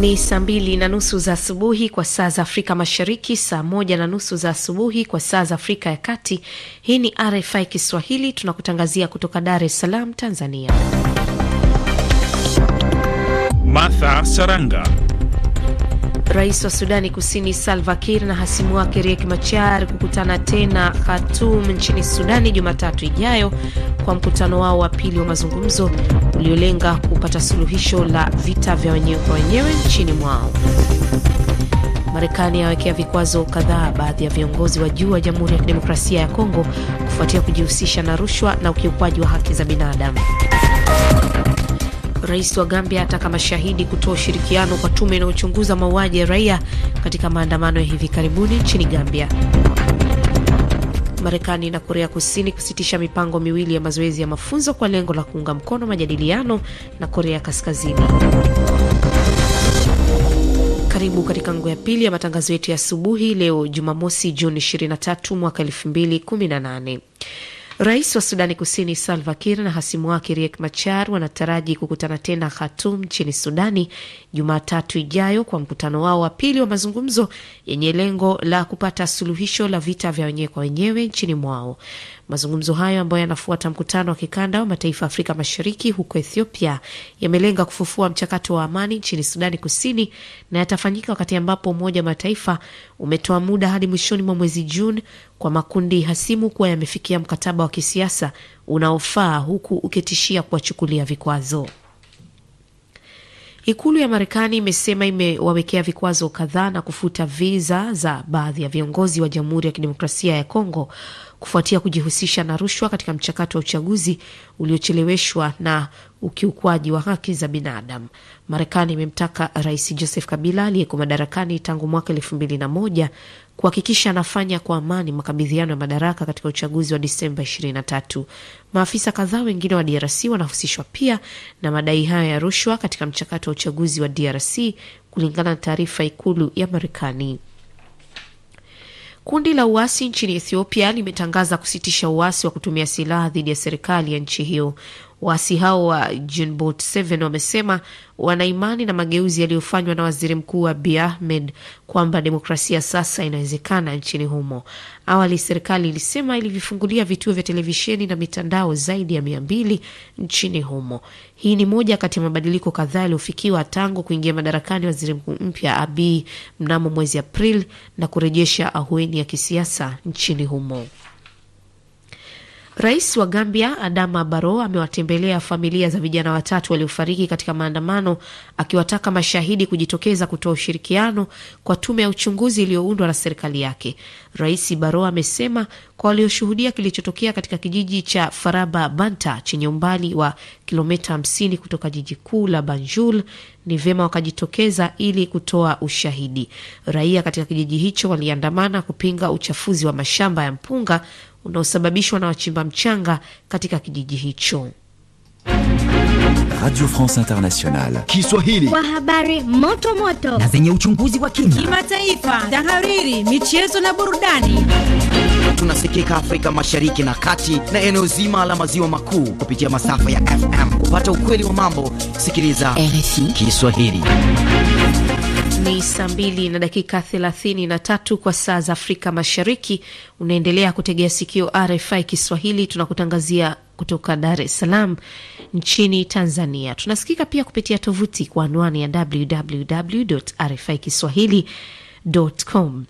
Ni saa mbili na nusu za asubuhi kwa saa za Afrika Mashariki, saa moja na nusu za asubuhi kwa saa za Afrika ya Kati. Hii ni RFI Kiswahili, tunakutangazia kutoka Dar es Salaam, Tanzania. Martha Saranga. Rais wa Sudani Kusini Salva Kiir na hasimu wake Riek Machar kukutana tena Khartoum nchini Sudani Jumatatu ijayo kwa mkutano wao wa pili wa mazungumzo uliolenga kupata suluhisho la vita vya wenyewe kwa wenyewe nchini mwao. Marekani yawekea vikwazo kadhaa baadhi ya viongozi wa juu wa Jamhuri ya Kidemokrasia ya Kongo kufuatia kujihusisha na rushwa na ukiukwaji wa haki za binadamu. Rais wa Gambia ataka mashahidi kutoa ushirikiano kwa tume inayochunguza mauaji ya raia katika maandamano ya hivi karibuni nchini Gambia. Marekani na Korea Kusini kusitisha mipango miwili ya mazoezi ya mafunzo kwa lengo la kuunga mkono majadiliano na Korea Kaskazini. Karibu katika nguo ya pili ya matangazo yetu ya asubuhi leo Jumamosi, Juni 23 mwaka 2018. Rais wa Sudani Kusini Salva Kiir na hasimu wake Riek Machar wanataraji kukutana tena Khartoum nchini Sudani Jumatatu ijayo kwa mkutano wao wa pili wa mazungumzo yenye lengo la kupata suluhisho la vita vya wenyewe kwa wenyewe nchini mwao. Mazungumzo hayo ambayo yanafuata mkutano wa kikanda wa mataifa ya Afrika Mashariki huko Ethiopia yamelenga kufufua mchakato wa amani nchini Sudani Kusini na yatafanyika wakati ambapo Umoja wa Mataifa umetoa muda hadi mwishoni mwa mwezi Juni kwa makundi hasimu kuwa yamefikia mkataba wa kisiasa unaofaa huku ukitishia kuwachukulia vikwazo. Ikulu ya Marekani imesema imewawekea vikwazo kadhaa na kufuta viza za baadhi ya viongozi wa Jamhuri ya Kidemokrasia ya Kongo kufuatia kujihusisha na rushwa katika mchakato wa uchaguzi uliocheleweshwa na ukiukwaji wa haki za binadamu. Marekani imemtaka Rais Joseph Kabila aliyeko madarakani tangu mwaka elfu mbili na moja kuhakikisha anafanya kwa amani makabidhiano ya madaraka katika uchaguzi wa Disemba 23. Maafisa kadhaa wengine wa DRC wanahusishwa pia na madai hayo ya rushwa katika mchakato wa uchaguzi wa DRC kulingana na taarifa ikulu ya Marekani. Kundi la uasi nchini Ethiopia limetangaza kusitisha uasi wa kutumia silaha dhidi ya serikali ya nchi hiyo. Waasi hao wa Junbot 7 wamesema wanaimani na mageuzi yaliyofanywa na waziri mkuu Abiy Ahmed kwamba demokrasia sasa inawezekana nchini humo. Awali serikali ilisema ilivifungulia vituo vya televisheni na mitandao zaidi ya mia mbili nchini humo. Hii ni moja kati ya mabadiliko kadhaa yaliyofikiwa tangu kuingia madarakani waziri mkuu mpya Abiy mnamo mwezi Aprili na kurejesha ahueni ya kisiasa nchini humo. Rais wa Gambia Adama Baro amewatembelea familia za vijana watatu waliofariki katika maandamano, akiwataka mashahidi kujitokeza kutoa ushirikiano kwa tume ya uchunguzi iliyoundwa na serikali yake. Rais Baro amesema kwa walioshuhudia kilichotokea katika kijiji cha Faraba Banta chenye umbali wa kilomita 50 kutoka jiji kuu la Banjul ni vyema wakajitokeza ili kutoa ushahidi. Raia katika kijiji hicho waliandamana kupinga uchafuzi wa mashamba ya mpunga unaosababishwa na wachimba mchanga katika kijiji hicho. Radio France Internationale Kiswahili, kwa habari moto moto na zenye uchunguzi wa kina, kimataifa, tahariri, michezo na burudani. Tunasikika Afrika Mashariki na Kati na eneo zima la maziwa makuu kupitia masafa ya FM. Kupata ukweli wa mambo, sikiliza RFI Kiswahili. Ni saa mbili na dakika thelathini na tatu kwa saa za Afrika Mashariki. Unaendelea kutegea sikio RFI Kiswahili, tunakutangazia kutoka Dar es Salaam nchini Tanzania. Tunasikika pia kupitia tovuti kwa anwani ya www rfi kiswahili com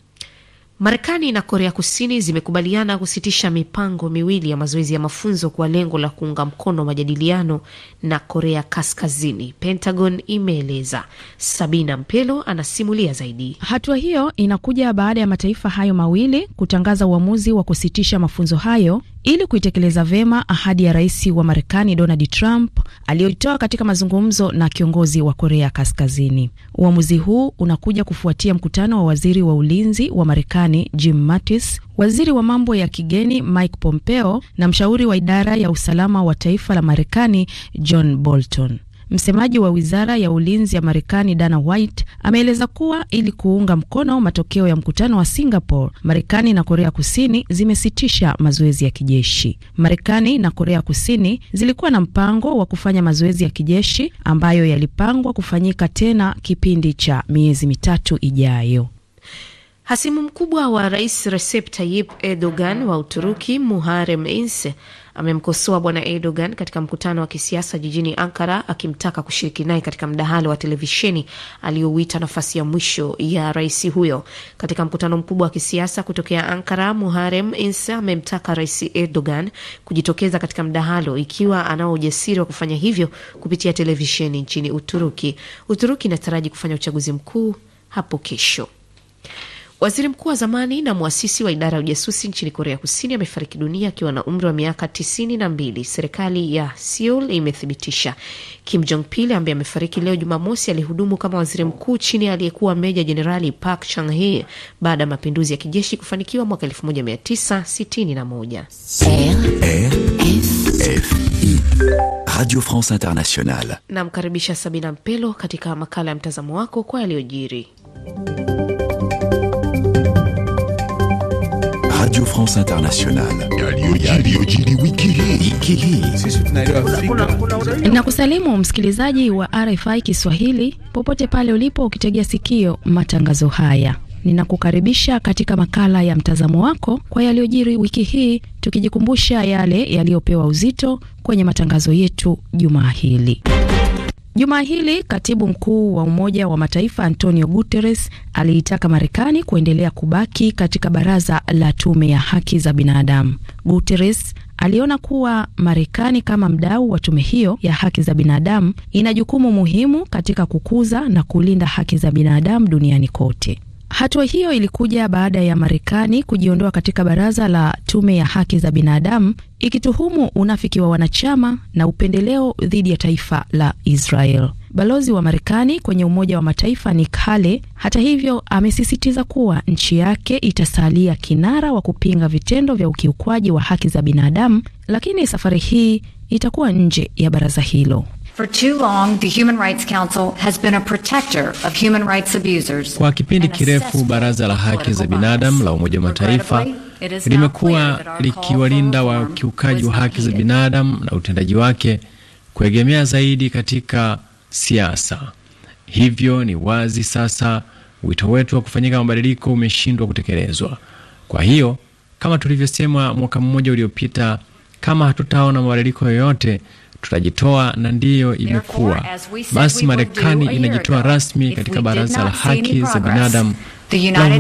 Marekani na Korea Kusini zimekubaliana kusitisha mipango miwili ya mazoezi ya mafunzo kwa lengo la kuunga mkono majadiliano na Korea Kaskazini, Pentagon imeeleza. Sabina Mpelo anasimulia zaidi. Hatua hiyo inakuja baada ya mataifa hayo mawili kutangaza uamuzi wa kusitisha mafunzo hayo ili kuitekeleza vema ahadi ya rais wa Marekani Donald Trump aliyoitoa katika mazungumzo na kiongozi wa Korea Kaskazini. Uamuzi huu unakuja kufuatia mkutano wa waziri wa ulinzi wa Marekani Jim Mattis, waziri wa mambo ya kigeni Mike Pompeo na mshauri wa idara ya usalama wa taifa la Marekani John Bolton. Msemaji wa wizara ya ulinzi ya Marekani Dana White ameeleza kuwa ili kuunga mkono matokeo ya mkutano wa Singapore, Marekani na Korea Kusini zimesitisha mazoezi ya kijeshi. Marekani na Korea Kusini zilikuwa na mpango wa kufanya mazoezi ya kijeshi ambayo yalipangwa kufanyika tena kipindi cha miezi mitatu ijayo. Hasimu mkubwa wa rais Recep Tayyip Erdogan wa Uturuki Muharrem Ince amemkosoa bwana Erdogan katika mkutano wa kisiasa jijini Ankara, akimtaka kushiriki naye katika mdahalo wa televisheni aliyouita nafasi ya mwisho ya rais huyo. Katika mkutano mkubwa wa kisiasa kutokea Ankara, Muharem Insa amemtaka rais Erdogan kujitokeza katika mdahalo ikiwa anao ujasiri wa kufanya hivyo kupitia televisheni nchini Uturuki. Uturuki inataraji kufanya uchaguzi mkuu hapo kesho. Waziri mkuu wa zamani na mwasisi wa idara ya ujasusi nchini Korea Kusini amefariki dunia akiwa na umri wa miaka tisini na mbili, serikali ya Seoul imethibitisha. Kim Jong Pil ambaye amefariki leo Jumamosi alihudumu kama waziri mkuu chini ya aliyekuwa meja jenerali Park Chung Hee baada ya mapinduzi ya kijeshi kufanikiwa mwaka 1961. Radio France Internationale namkaribisha Sabina Mpelo katika makala ya mtazamo wako kwa yaliyojiri. Radio France Internationale. Nakusalimu msikilizaji wa RFI Kiswahili popote pale ulipo, ukitegea sikio matangazo haya. Ninakukaribisha katika makala ya mtazamo wako kwa yaliyojiri wiki hii, tukijikumbusha yale yaliyopewa uzito kwenye matangazo yetu jumaa hili juma hili katibu mkuu wa Umoja wa Mataifa Antonio Guterres aliitaka Marekani kuendelea kubaki katika baraza la tume ya haki za binadamu. Guterres aliona kuwa Marekani kama mdau wa tume hiyo ya haki za binadamu ina jukumu muhimu katika kukuza na kulinda haki za binadamu duniani kote. Hatua hiyo ilikuja baada ya Marekani kujiondoa katika baraza la tume ya haki za binadamu ikituhumu unafiki wa wanachama na upendeleo dhidi ya taifa la Israel. Balozi wa Marekani kwenye Umoja wa Mataifa ni kale hata hivyo, amesisitiza kuwa nchi yake itasalia kinara wa kupinga vitendo vya ukiukwaji wa haki za binadamu, lakini safari hii itakuwa nje ya baraza hilo. Kwa kipindi kirefu baraza la haki za binadamu la Umoja wa Mataifa limekuwa likiwalinda wakiukaji wa haki za binadamu na utendaji wake kuegemea zaidi katika siasa. Hivyo ni wazi sasa wito wetu wa kufanyika mabadiliko umeshindwa kutekelezwa. Kwa hiyo kama tulivyosema mwaka mmoja uliopita, kama hatutaona mabadiliko yoyote tutajitoa na ndiyo imekuwa. Basi Marekani inajitoa rasmi katika Baraza la Haki za Binadamu la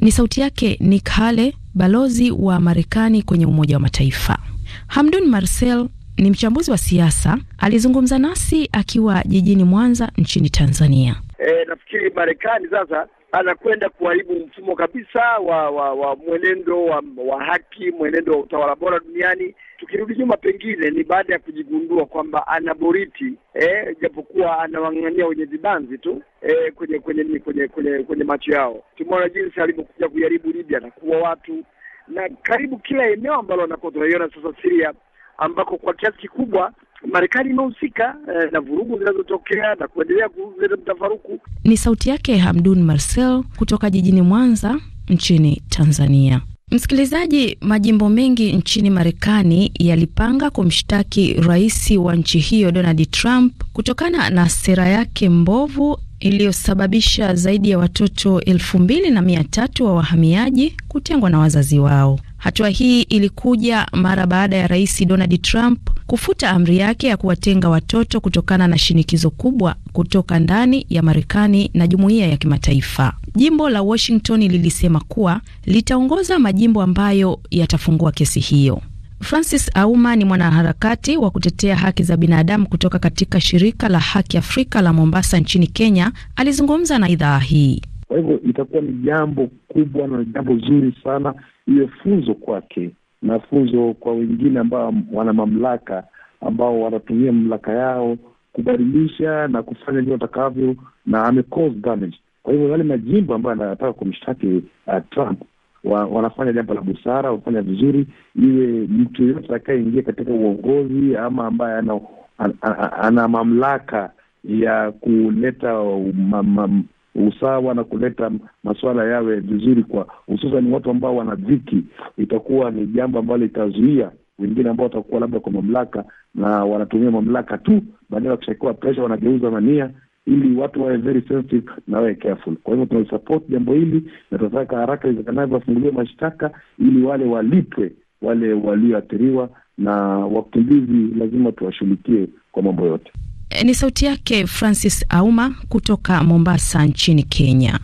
Ni sauti yake Nikki Haley, balozi wa Marekani kwenye Umoja wa Mataifa. Hamdun Marcel ni mchambuzi wa siasa, alizungumza nasi akiwa jijini Mwanza nchini Tanzania e, nafikiri Marekani sasa anakwenda kuharibu mfumo kabisa wa wa, wa mwenendo wa, wa haki, mwenendo wa utawala bora duniani. Tukirudi nyuma, pengine ni baada ya kujigundua kwamba ana boriti eh, japokuwa anawang'ang'ania wenye vibanzi tu eh, kwenye kwenye kwenye kwenye kwenye macho yao. Tumeona jinsi alivyokuja kuharibu Libya na kuwa watu na karibu kila eneo ambalo anakuwa tunaiona sasa Siria, ambako kwa kiasi kikubwa Marekani imehusika eh, na vurugu zinazotokea na kuendelea kuleta mtafaruku. Ni sauti yake Hamdun Marcel kutoka jijini Mwanza nchini Tanzania. Msikilizaji, majimbo mengi nchini Marekani yalipanga kumshtaki rais wa nchi hiyo Donald Trump kutokana na sera yake mbovu iliyosababisha zaidi ya watoto elfu mbili na mia tatu wa wahamiaji kutengwa na wazazi wao. Hatua hii ilikuja mara baada ya rais Donald Trump kufuta amri yake ya kuwatenga watoto kutokana na shinikizo kubwa kutoka ndani ya Marekani na jumuiya ya kimataifa. Jimbo la Washington lilisema kuwa litaongoza majimbo ambayo yatafungua kesi hiyo. Francis Auma ni mwanaharakati wa kutetea haki za binadamu kutoka katika shirika la Haki Afrika la Mombasa nchini Kenya. Alizungumza na idhaa hii. Kwa hivyo itakuwa ni jambo kubwa na jambo zuri sana, iwe funzo kwake mafunzo kwa wengine ambao wana mamlaka, ambao wanatumia mamlaka yao kubadilisha na kufanya vile watakavyo, na ame cause damage. Kwa hivyo yale majimbo ambayo anataka kumshtaki uh, Trump wa, wanafanya jambo la busara, wanafanya vizuri, iwe mtu yeyote atakayeingia katika uongozi ama ambaye ana, ana, ana, ana mamlaka ya kuleta um, um, usawa na kuleta masuala yawe vizuri, kwa hususan watu ambao wana dhiki, itakuwa ni jambo ambalo litazuia wengine ambao watakuwa labda kwa mamlaka na wanatumia mamlaka tu, baadaye wakishakiwa presha wanageuza mania, ili watu wawe very sensitive na wawe careful. Kwa hivyo tunasupport jambo hili na tunataka haraka iwezekanavyo wafunguliwe mashtaka ili wale walipwe wale walioathiriwa, na wakimbizi lazima tuwashughulikie kwa mambo yote. Eh, ni sauti yake Francis Auma kutoka Mombasa nchini Kenya.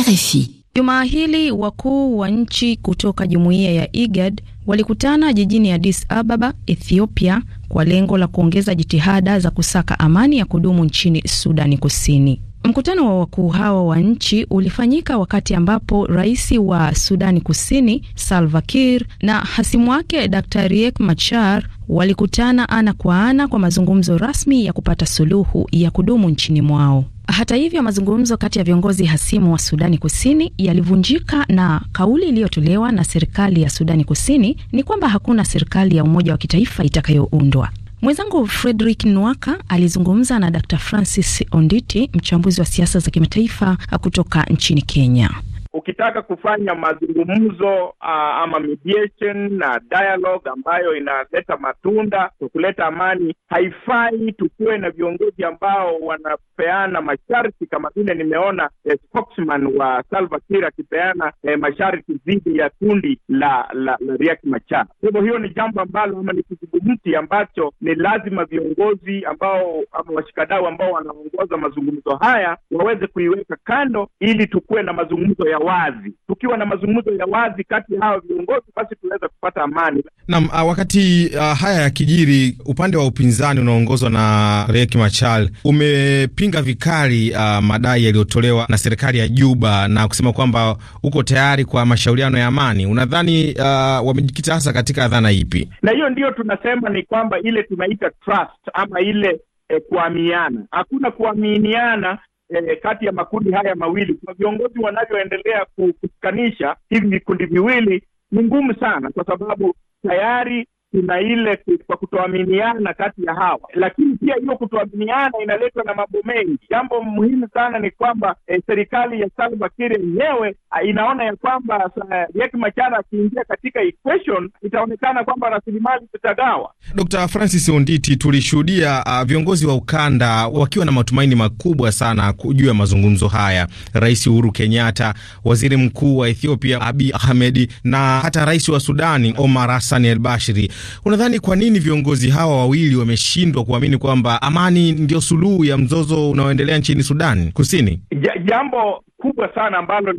RFI. Jumaa hili wakuu wa nchi kutoka jumuiya ya IGAD walikutana jijini Addis Ababa, Ethiopia kwa lengo la kuongeza jitihada za kusaka amani ya kudumu nchini Sudani Kusini. Mkutano wa wakuu hawa wa nchi ulifanyika wakati ambapo rais wa Sudani Kusini Salva Kiir na hasimu wake Dr Riek Machar walikutana ana kwa ana kwa mazungumzo rasmi ya kupata suluhu ya kudumu nchini mwao. Hata hivyo, mazungumzo kati ya viongozi hasimu wa Sudani Kusini yalivunjika na kauli iliyotolewa na serikali ya Sudani Kusini ni kwamba hakuna serikali ya umoja wa kitaifa itakayoundwa. Mwenzangu Frederick Nwaka alizungumza na Dr Francis Onditi, mchambuzi wa siasa za kimataifa kutoka nchini Kenya. Ukitaka kufanya mazungumzo uh, ama mediation na dialogue ambayo inaleta matunda kwa kuleta amani, haifai tukuwe na viongozi ambao wanapeana masharti kama vile nimeona eh, spokesman wa Salva Kiir akipeana eh, masharti dhidi ya kundi la la, la Riek Machar. Kwa hivyo hiyo ni jambo ambalo ama ni kizungumti ambacho ni lazima viongozi ambao ama washikadau ambao wanaongoza mazungumzo haya waweze kuiweka kando ili tukuwe na mazungumzo ya wazi. Tukiwa na mazungumzo ya wazi kati ya hawa viongozi, basi tunaweza kupata amani. Naam, ah, wakati uh, haya kijiri upande wa upinzani unaoongozwa na Riek Machar umepinga vikali uh, madai yaliyotolewa na serikali ya Juba na kusema kwamba uko tayari kwa mashauriano ya amani. Unadhani uh, wamejikita hasa katika dhana ipi? Na hiyo ndiyo tunasema ni kwamba ile tunaita trust ama ile eh, kuamiana. Hakuna kuaminiana e, kati ya makundi haya mawili kwa viongozi wanavyoendelea kutukanisha hivi vikundi viwili ni ngumu sana, kwa sababu tayari kuna ile kwa kutoaminiana kati ya hawa, lakini pia hiyo kutoaminiana inaletwa na mambo mengi. Jambo muhimu sana ni kwamba e, serikali ya Salva Kiir yenyewe ah, inaona ya kwamba eh, Riek Machar akiingia katika equation itaonekana kwamba rasilimali zitagawa. Dr. Francis Onditi, tulishuhudia uh, viongozi wa ukanda wakiwa na matumaini makubwa sana juu ya mazungumzo haya. Rais Uhuru Kenyatta, waziri mkuu wa Ethiopia Abiy Ahmed na hata rais wa Sudani Omar Hassan al bashiri Unadhani kwa nini viongozi hawa wawili wameshindwa kuamini kwamba amani ndio suluhu ya mzozo unaoendelea nchini Sudan Kusini? Ja, jambo kubwa sana ambalo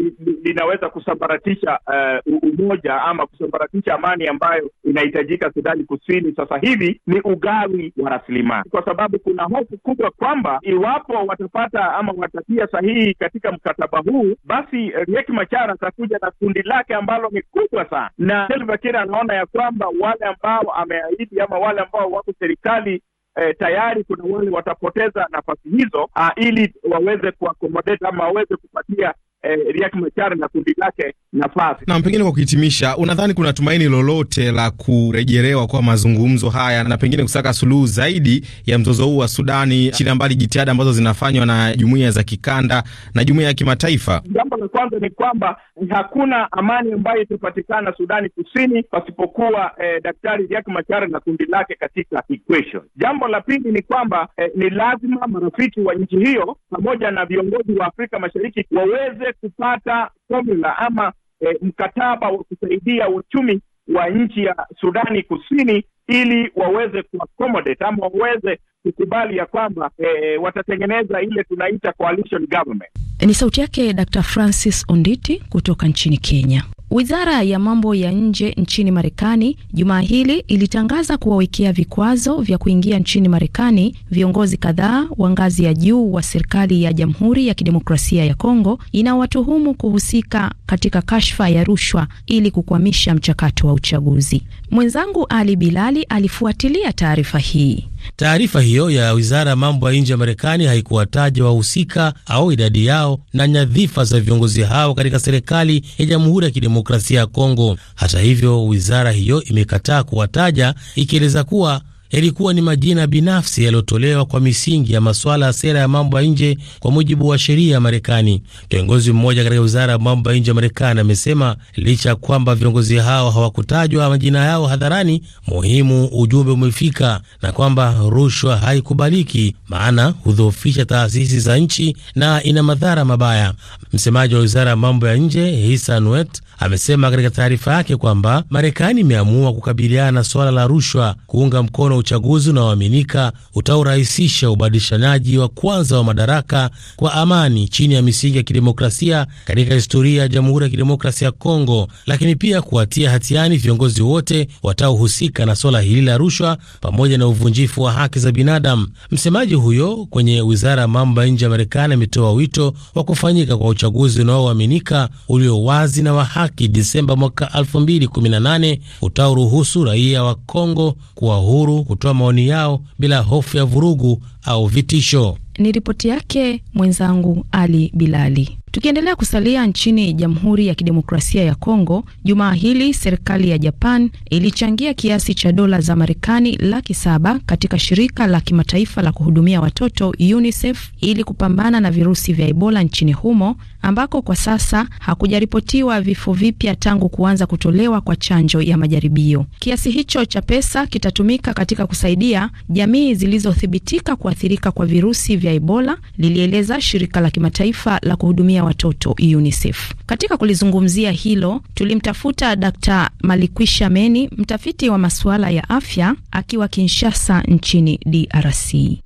linaweza li, kusambaratisha uh, umoja ama kusambaratisha amani ambayo inahitajika Sudani Kusini sasa hivi ni ugawi wa rasilimali, kwa sababu kuna hofu kubwa kwamba iwapo watapata ama watatia sahihi katika mkataba huu, basi Riek Machar atakuja na kundi lake ambalo ni kubwa sana, na Salva Kiir anaona ya kwamba wale ambao ambao ameahidi ama wale ambao wako serikali E, tayari kuna wale watapoteza nafasi hizo ah, ili waweze kuakomodeta ama waweze kupatia eh, Riek Machar na kundi lake nafasi. Na pengine kwa kuhitimisha, unadhani kuna tumaini lolote la kurejelewa kwa mazungumzo haya na pengine kusaka suluhu zaidi ya mzozo huu wa Sudani, chini mbali jitihada ambazo zinafanywa na jumuiya za kikanda na jumuiya ya kimataifa? Jambo la kwanza ni kwamba hakuna amani ambayo itapatikana Sudani Kusini pasipokuwa eh, Daktari Riek Machar na kundi lake katika equation. Jambo la pili ni kwamba eh, ni lazima marafiki wa nchi hiyo pamoja na viongozi wa Afrika Mashariki waweze tuweze kupata formula ama e, mkataba wa kusaidia uchumi wa nchi ya Sudani Kusini ili waweze kuaccommodate ama waweze kukubali ya kwamba e, watatengeneza ile tunaita coalition government. Ni sauti yake Dr. Francis Onditi kutoka nchini Kenya. Wizara ya mambo ya nje nchini Marekani jumaa hili ilitangaza kuwawekea vikwazo vya kuingia nchini Marekani viongozi kadhaa wa ngazi ya juu wa serikali ya Jamhuri ya Kidemokrasia ya Kongo inawatuhumu kuhusika katika kashfa ya rushwa ili kukwamisha mchakato wa uchaguzi. Mwenzangu Ali Bilali alifuatilia taarifa hii. Taarifa hiyo ya wizara ya mambo ya nje ya Marekani haikuwataja wahusika au idadi yao na nyadhifa za viongozi hao katika serikali ya Jamhuri ya Kidemokrasia ya Kongo. Hata hivyo, wizara hiyo imekataa kuwataja ikieleza kuwa yalikuwa ni majina binafsi yaliyotolewa kwa misingi ya masuala ya sera ya mambo ya nje kwa mujibu wa sheria ya Marekani. Kiongozi mmoja katika wizara ya mambo ya nje ya Marekani amesema licha ya kwamba viongozi hao hawakutajwa majina yao hadharani, muhimu ujumbe umefika na kwamba rushwa haikubaliki, maana hudhoofisha taasisi za nchi na ina madhara mabaya. Msemaji wa wizara ya mambo ya nje Hisa amesema katika taarifa yake kwamba Marekani imeamua kukabiliana na suala la rushwa, kuunga mkono uchaguzi unaoaminika utaorahisisha ubadilishanaji wa kwanza wa madaraka kwa amani chini ya misingi ya kidemokrasia katika historia ya Jamhuri ya Kidemokrasia ya Kongo, lakini pia kuwatia hatiani viongozi wote wataohusika na swala hili la rushwa pamoja na uvunjifu wa haki za binadamu. Msemaji huyo kwenye wizara ya mambo ya nje ya Marekani ametoa wito wa kufanyika kwa uchaguzi unaoaminika ulio wazi na wa haki Disemba mwaka 2018 utaoruhusu raia wa Kongo kuwa huru kutoa maoni yao bila hofu ya vurugu au vitisho. Ni ripoti yake mwenzangu Ali Bilali. Tukiendelea kusalia nchini Jamhuri ya Kidemokrasia ya Kongo, jumaa hili serikali ya Japan ilichangia kiasi cha dola za Marekani laki saba katika shirika la kimataifa la kuhudumia watoto UNICEF ili kupambana na virusi vya Ebola nchini humo ambako kwa sasa hakujaripotiwa vifo vipya tangu kuanza kutolewa kwa chanjo ya majaribio. Kiasi hicho cha pesa kitatumika katika kusaidia jamii zilizothibitika kuathirika kwa virusi vya Ebola, lilieleza shirika la kimataifa la kuhudumia ya watoto UNICEF. Katika kulizungumzia hilo, tulimtafuta Dkt. Malikwisha Meni, mtafiti wa masuala ya afya akiwa Kinshasa nchini DRC.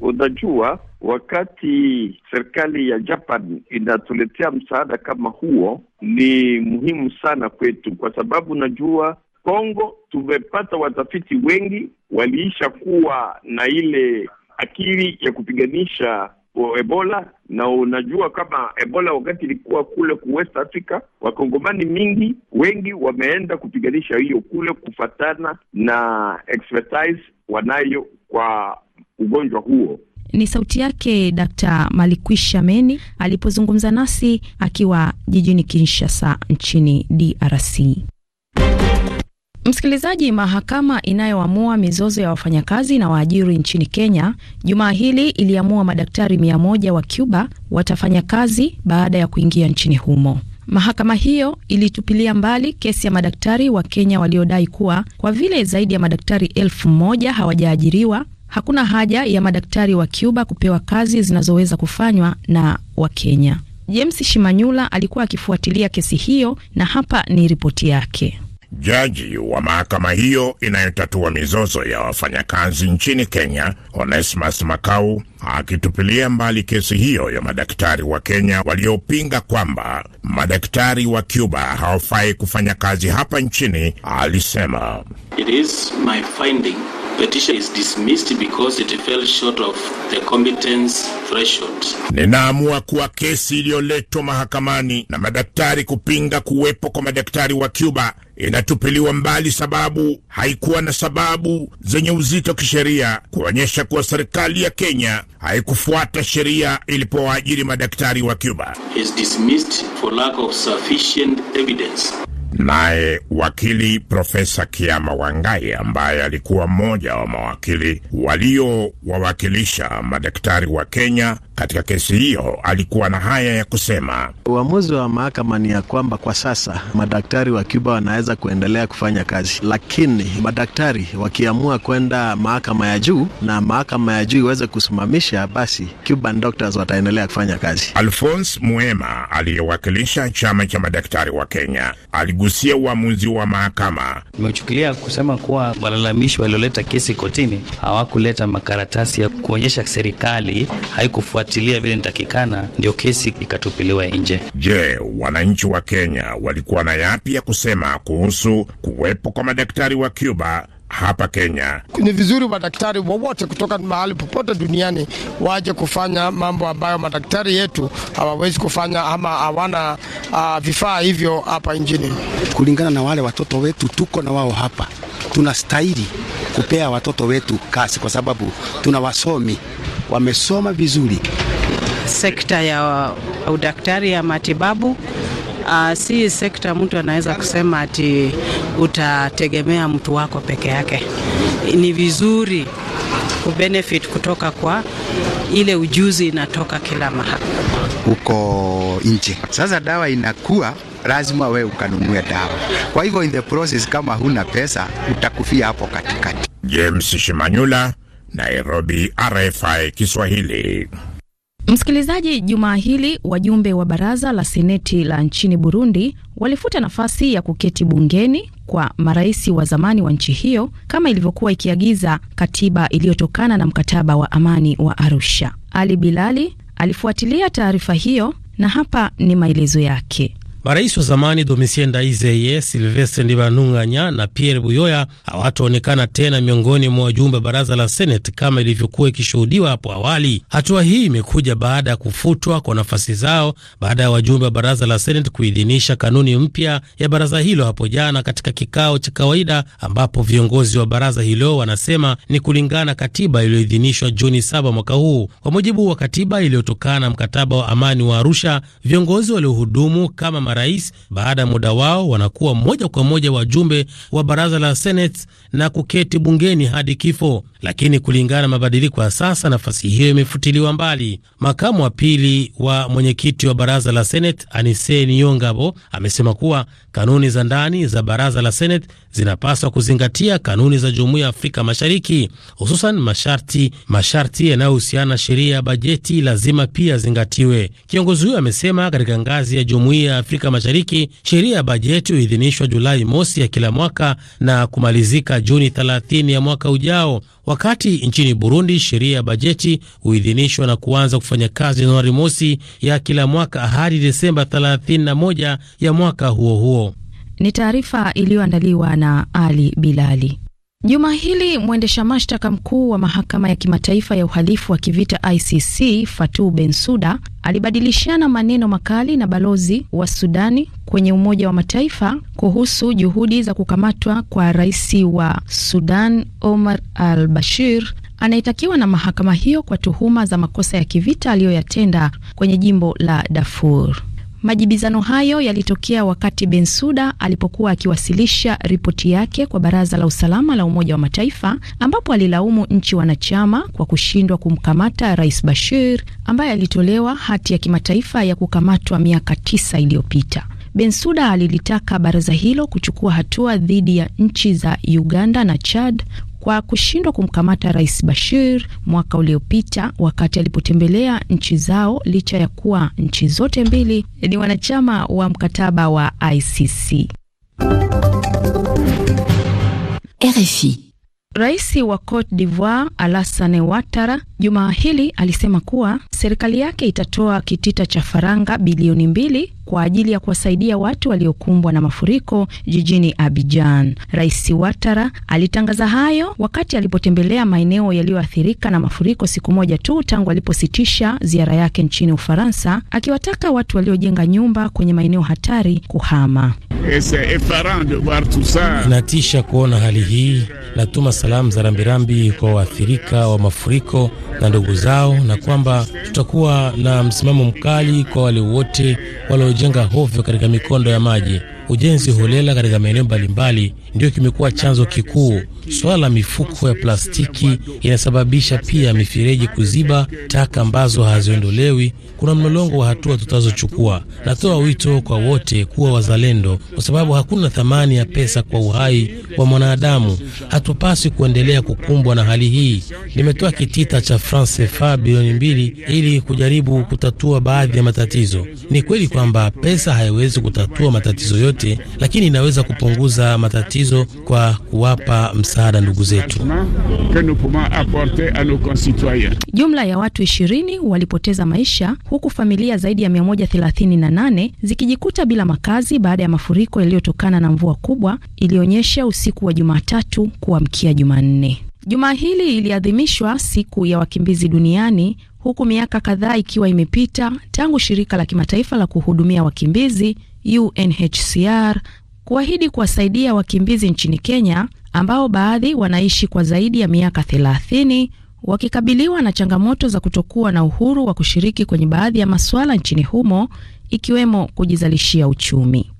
Unajua, wakati serikali ya Japan inatuletea msaada kama huo ni muhimu sana kwetu, kwa sababu najua Kongo tumepata watafiti wengi waliisha kuwa na ile akili ya kupiganisha wa Ebola, na unajua kama Ebola wakati ilikuwa kule ku West Africa, wakongomani mingi wengi wameenda kupiganisha hiyo kule kufatana na expertise wanayo kwa ugonjwa huo. Ni sauti yake d Malikwisha Meni alipozungumza nasi akiwa jijini Kinshasa nchini DRC. Msikilizaji, mahakama inayoamua mizozo ya wafanyakazi na waajiri nchini Kenya jumaa hili iliamua madaktari mia moja wa Cuba watafanya kazi baada ya kuingia nchini humo. Mahakama hiyo ilitupilia mbali kesi ya madaktari wa Kenya waliodai kuwa kwa vile zaidi ya madaktari elfu moja hawajaajiriwa hakuna haja ya madaktari wa Cuba kupewa kazi zinazoweza kufanywa na Wakenya. James Shimanyula alikuwa akifuatilia kesi hiyo na hapa ni ripoti yake. Jaji wa mahakama hiyo inayotatua mizozo ya wafanyakazi nchini Kenya, Onesmus Makau, akitupilia mbali kesi hiyo ya madaktari wa Kenya waliopinga kwamba madaktari wa Cuba hawafai kufanya kazi hapa nchini, alisema It is my finding Ninaamua kuwa kesi iliyoletwa mahakamani na madaktari kupinga kuwepo kwa madaktari wa Cuba inatupiliwa mbali sababu haikuwa na sababu zenye uzito kisheria kuonyesha kuwa serikali ya Kenya haikufuata sheria ilipowaajiri madaktari wa Cuba. Naye wakili Profesa Kiama Wangai, ambaye alikuwa mmoja wa mawakili waliowawakilisha madaktari wa Kenya katika kesi hiyo, alikuwa na haya ya kusema. Uamuzi wa mahakama ni ya kwamba kwa sasa madaktari wa Cuba wanaweza kuendelea kufanya kazi, lakini madaktari wakiamua kwenda mahakama ya juu na mahakama ya juu iweze kusimamisha, basi Cuban doctors wataendelea kufanya kazi. Alphonse Muema aliyewakilisha chama cha madaktari wa Kenya ali amegusia uamuzi wa mahakama. Nimechukulia kusema kuwa walalamishi walioleta kesi kotini hawakuleta makaratasi ya kuonyesha serikali haikufuatilia vile nitakikana, ndio kesi ikatupiliwa nje. Je, wananchi wa Kenya walikuwa na yapi ya kusema kuhusu kuwepo kwa madaktari wa Cuba hapa Kenya. Ni vizuri madaktari wowote kutoka mahali popote duniani waje kufanya mambo ambayo madaktari yetu hawawezi kufanya ama hawana uh, vifaa hivyo hapa nchini. Kulingana na wale watoto wetu tuko na wao hapa, tunastahili kupea watoto wetu kazi, kwa sababu tuna wasomi wamesoma vizuri sekta ya uh, udaktari ya matibabu Uh, si sekta mtu anaweza kusema ati utategemea mtu wako peke yake. Ni vizuri kubenefit kutoka kwa ile ujuzi inatoka kila mahali huko nje. Sasa dawa inakuwa lazima wewe ukanunue dawa, kwa hivyo in the process, kama huna pesa utakufia hapo katikati. James Shimanyula, Nairobi, RFI Kiswahili. Msikilizaji, jumaa hili wajumbe wa baraza la seneti la nchini Burundi walifuta nafasi ya kuketi bungeni kwa marais wa zamani wa nchi hiyo kama ilivyokuwa ikiagiza katiba iliyotokana na mkataba wa amani wa Arusha. Ali Bilali alifuatilia taarifa hiyo na hapa ni maelezo yake. Marais wa zamani Domitien Daizeye, Silvestre Ndibanunganya na Pierre Buyoya hawatoonekana tena miongoni mwa wajumbe wa baraza la Seneti kama ilivyokuwa ikishuhudiwa hapo awali. Hatua hii imekuja baada ya kufutwa kwa nafasi zao baada ya wajumbe wa baraza la Seneti kuidhinisha kanuni mpya ya baraza hilo hapo jana katika kikao cha kawaida, ambapo viongozi wa baraza hilo wanasema ni kulingana katiba iliyoidhinishwa Juni 7 mwaka huu. Kwa mujibu wa katiba iliyotokana na mkataba wa amani wa Arusha, viongozi waliohudumu kama marais baada ya muda wao wanakuwa moja kwa moja wajumbe wa baraza la Senate na kuketi bungeni hadi kifo, lakini kulingana na mabadiliko ya sasa, nafasi hiyo imefutiliwa mbali. Makamu wa pili wa mwenyekiti wa baraza la Senate Anise Niyongabo amesema kuwa kanuni za ndani za baraza la Senate zinapaswa kuzingatia kanuni za Jumuiya ya Afrika Mashariki, hususan masharti masharti yanayohusiana na sheria ya bajeti lazima pia zingatiwe. Kiongozi huyo amesema katika ngazi ya Jumuiya ya Afrika Mashariki sheria ya bajeti huidhinishwa Julai mosi ya kila mwaka na kumalizika Juni 30 ya mwaka ujao, wakati nchini Burundi sheria ya bajeti huidhinishwa na kuanza kufanya kazi Januari mosi ya kila mwaka hadi Desemba 31 ya mwaka huo huo. Ni taarifa iliyoandaliwa na Ali Bilali. Juma hili mwendesha mashtaka mkuu wa mahakama ya kimataifa ya uhalifu wa kivita ICC Fatou Bensouda alibadilishana maneno makali na balozi wa Sudani kwenye Umoja wa Mataifa kuhusu juhudi za kukamatwa kwa rais wa Sudan Omar al-Bashir anayetakiwa na mahakama hiyo kwa tuhuma za makosa ya kivita aliyoyatenda kwenye jimbo la Darfur. Majibizano hayo yalitokea wakati Bensuda alipokuwa akiwasilisha ripoti yake kwa Baraza la Usalama la Umoja wa Mataifa, ambapo alilaumu nchi wanachama kwa kushindwa kumkamata Rais Bashir ambaye alitolewa hati ya kimataifa ya kukamatwa miaka tisa iliyopita. Bensuda alilitaka baraza hilo kuchukua hatua dhidi ya nchi za Uganda na Chad kwa kushindwa kumkamata Rais Bashir mwaka uliopita wakati alipotembelea nchi zao licha ya kuwa nchi zote mbili ni wanachama wa mkataba wa ICC. RFI Rais wa Cote d'Ivoire Alassane Ouattara jumaa hili alisema kuwa serikali yake itatoa kitita cha faranga bilioni mbili kwa ajili ya kuwasaidia watu waliokumbwa na mafuriko jijini Abidjan. Rais Ouattara alitangaza hayo wakati alipotembelea maeneo yaliyoathirika na mafuriko siku moja tu tangu alipositisha ziara yake nchini Ufaransa, akiwataka watu waliojenga nyumba kwenye maeneo hatari kuhama. Inatisha kuona hali hii, natuma salamu za rambirambi kwa waathirika wa mafuriko na ndugu zao, na kwamba tutakuwa na msimamo mkali kwa wale wote waliojenga hovyo katika mikondo ya maji. Ujenzi holela katika maeneo mbalimbali ndiyo kimekuwa chanzo kikuu Suala la mifuko ya plastiki inasababisha pia mifereji kuziba, taka ambazo haziondolewi. Kuna mlolongo wa hatua tutazochukua. Natoa wito kwa wote kuwa wazalendo, kwa sababu hakuna thamani ya pesa kwa uhai wa mwanadamu. Hatupaswi kuendelea kukumbwa na hali hii. Nimetoa kitita cha France CFA bilioni mbili ili kujaribu kutatua baadhi ya matatizo. Ni kweli kwamba pesa haiwezi kutatua matatizo yote, lakini inaweza kupunguza matatizo kwa kuwapa msa msaada ndugu zetu. Jumla ya watu ishirini walipoteza maisha huku familia zaidi ya 138 zikijikuta bila makazi baada ya mafuriko yaliyotokana na mvua kubwa ilionyesha usiku wa Jumatatu kuamkia Jumanne. Jumaa hili iliadhimishwa siku ya wakimbizi duniani huku miaka kadhaa ikiwa imepita tangu shirika la kimataifa la kuhudumia wakimbizi UNHCR kuahidi kuwasaidia wakimbizi nchini Kenya ambao baadhi wanaishi kwa zaidi ya miaka thelathini wakikabiliwa na changamoto za kutokuwa na uhuru wa kushiriki kwenye baadhi ya masuala nchini humo ikiwemo kujizalishia uchumi.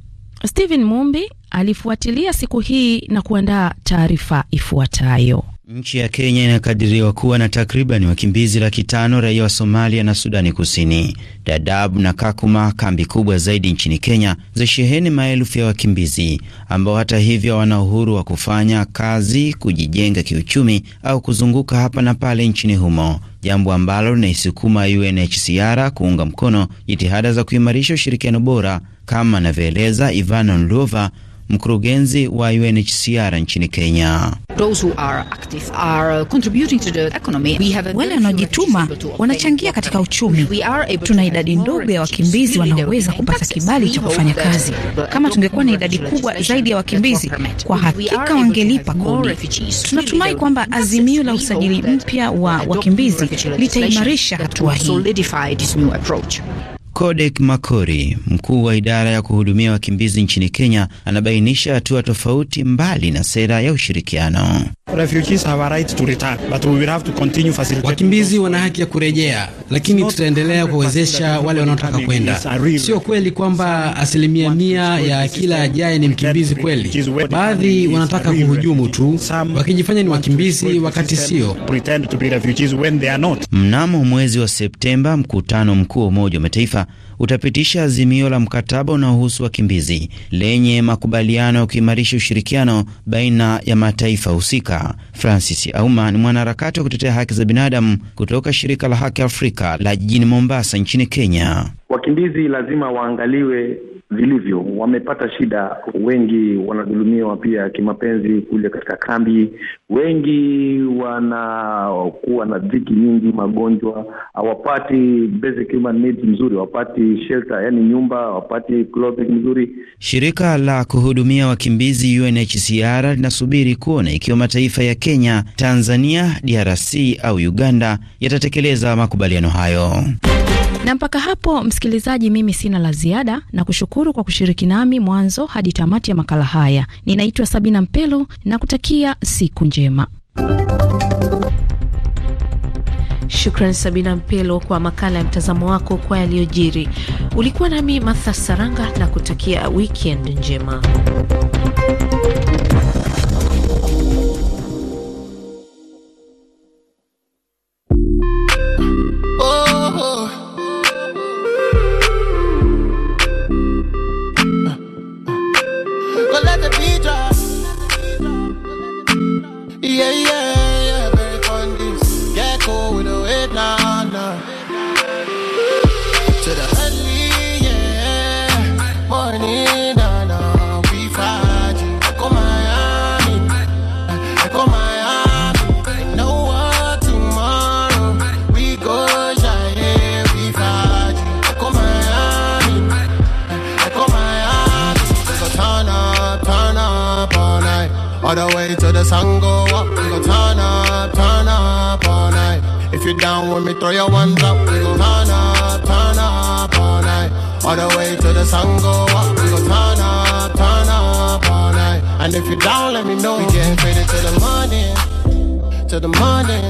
Stephen Mumbi alifuatilia siku hii na kuandaa taarifa ifuatayo. Nchi ya Kenya inakadiriwa kuwa na takriban wakimbizi laki tano raia wa Somalia na Sudani Kusini. dadab na Kakuma, kambi kubwa zaidi nchini Kenya, zasheheni maelfu ya wakimbizi ambao hata hivyo hawana uhuru wa kufanya kazi, kujijenga kiuchumi au kuzunguka hapa na pale nchini humo, jambo ambalo linaisukuma UNHCR kuunga mkono jitihada za kuimarisha ushirikiano bora, kama anavyoeleza Ivana Nluva, mkurugenzi wa UNHCR nchini Kenya. Uh, Wale wanaojituma wanachangia katika uchumi. Tuna idadi ndogo ya wakimbizi wanaoweza kupata kibali cha kufanya kazi. Kama tungekuwa na idadi kubwa zaidi ya wakimbizi, kwa hakika wangelipa kodi. Tunatumai kwamba azimio la usajili mpya wa wakimbizi litaimarisha hatua hii. Kodek Makori, mkuu wa idara ya kuhudumia wakimbizi nchini Kenya, anabainisha hatua tofauti mbali na sera ya ushirikiano. Refugees have a right to return, but we will have to continue facilitating. Wakimbizi wana haki ya kurejea, lakini tutaendelea kuwawezesha wale wanaotaka kwenda. Sio kweli kwamba asilimia mia ya kila ajaye ni mkimbizi kweli. Baadhi wanataka kuhujumu tu, wakijifanya ni wakimbizi wakati sio. Mnamo mwezi wa Septemba, mkutano mkuu wa Umoja wa Mataifa utapitisha azimio la mkataba unaohusu wakimbizi lenye makubaliano ya kuimarisha ushirikiano baina ya mataifa husika. Francis Auma ni mwanaharakati wa kutetea haki za binadamu kutoka shirika la Haki Afrika la jijini Mombasa nchini Kenya. Wakimbizi lazima waangaliwe vilivyo, wamepata shida. Wengi wanadhulumiwa pia kimapenzi kule katika kambi, wengi wanakuwa na dhiki nyingi, magonjwa, hawapati basic human needs mzuri, hawapati shelter, yani nyumba, hawapati clothing mzuri. Shirika la kuhudumia wakimbizi UNHCR linasubiri kuona ikiwa mataifa ya Kenya, Tanzania, DRC au Uganda yatatekeleza makubaliano hayo. Na mpaka hapo, msikilizaji, mimi sina la ziada na kushukuru kwa kushiriki nami mwanzo hadi tamati ya makala haya. Ninaitwa Sabina Mpelo na kutakia siku njema. Shukran Sabina Mpelo kwa makala ya mtazamo wako kwa yaliyojiri. Ulikuwa nami matha Saranga na kutakia wkend njema. block, we go turn up, turn up all night. All the way till the sun go up, we go turn up, turn up all night. And if you down, let me know. We getting faded till the morning, till the morning.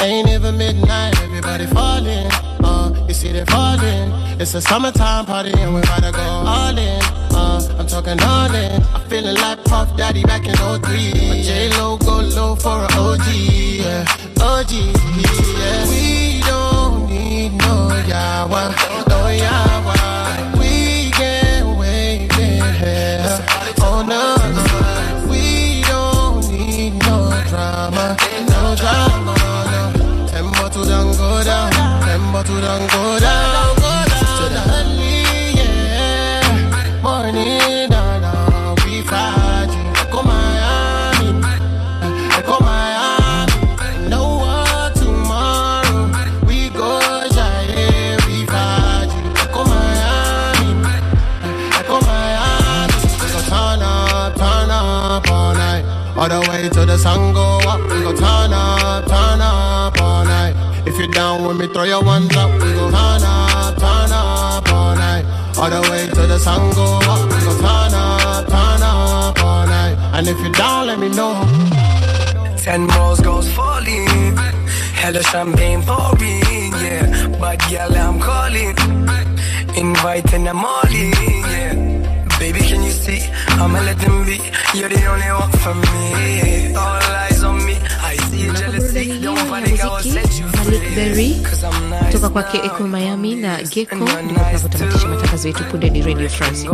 Ain't even midnight, everybody falling. Uh, you see they falling. It's a summertime party and we about to go all in. Uh, I'm talking all in. I'm feeling like Puff Daddy back in 03. J Lo go low for an OG, yeah. OG, yeah. We doy agua, doy agua. We get waiting here on oh, us. We don't need no drama, no drama. No. Them bottle don't go down, them bottle don't go sun go up, we go turn up, turn up all night. If you down with me, throw your ones up, we go turn up, turn up all night. All the way to the sun go up, we go turn up, turn up all night. And if you down, let me know. Ten rose goes falling, hella champagne pouring, yeah. But girl, I'm calling, inviting them all in. I'ma let them be. You're the only one for me. All eyes on me. I see jealousy. Don't panic, I will set you free. Kutoka kwake Eko Miami na Geko, ndio tunatamatisha matangazo yetu punde. Ni Radio France.